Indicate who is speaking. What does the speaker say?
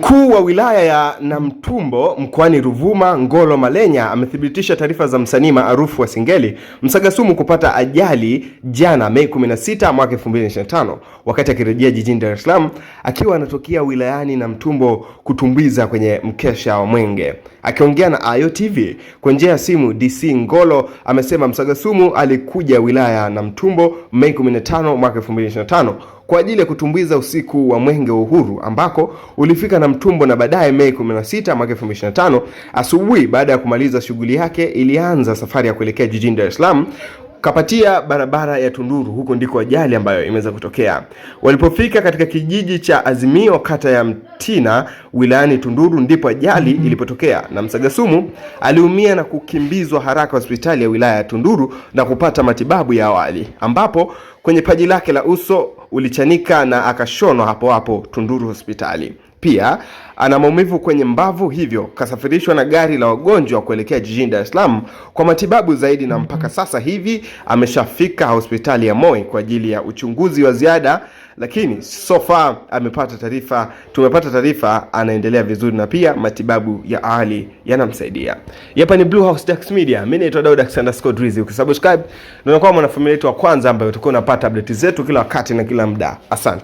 Speaker 1: Mkuu wa wilaya ya Namtumbo mkoani Ruvuma, Ngolo Malenya amethibitisha taarifa za msanii maarufu wa Singeli Msagasumu kupata ajali jana Mei 16 mwaka 2025 wakati akirejea jijini Dar es Salaam akiwa anatokea wilayani Namtumbo kutumbiza kwenye mkesha wa Mwenge. Akiongea na Ayo TV kwa njia ya simu, DC Ngolo amesema Msagasumu alikuja wilaya ya Namtumbo Mei 15 mwaka 2025 kwa ajili ya kutumbuiza usiku wa Mwenge wa Uhuru ambako ulifika na mtumbo na baadaye Mei 16 mwaka 2025 asubuhi, baada ya kumaliza shughuli yake, ilianza safari ya kuelekea jijini Dar es Salaam Kapatia, barabara ya Tunduru, huko ndiko ajali ambayo imeweza kutokea. Walipofika katika kijiji cha Azimio, kata ya Mtina, wilayani Tunduru, ndipo ajali ilipotokea, na Msagasumu aliumia na kukimbizwa haraka hospitali ya wilaya ya Tunduru na kupata matibabu ya awali, ambapo kwenye paji lake la uso ulichanika na akashonwa hapo hapo Tunduru hospitali. Pia ana maumivu kwenye mbavu, hivyo kasafirishwa na gari la wagonjwa kuelekea jijini Dar es Salaam kwa matibabu zaidi, na mpaka sasa hivi ameshafika hospitali ya Moi kwa ajili ya uchunguzi wa ziada, lakini so far amepata taarifa, tumepata taarifa anaendelea vizuri na pia matibabu ya awali yanamsaidia. Hapa ni Blue House Dax Media, mimi naitwa Daud Alexander Scott Rizzi. Ukisubscribe ndio unakuwa mwanafamilia wetu wa kwanza ambaye utakuwa unapata update zetu kila wakati na kila muda. Asante.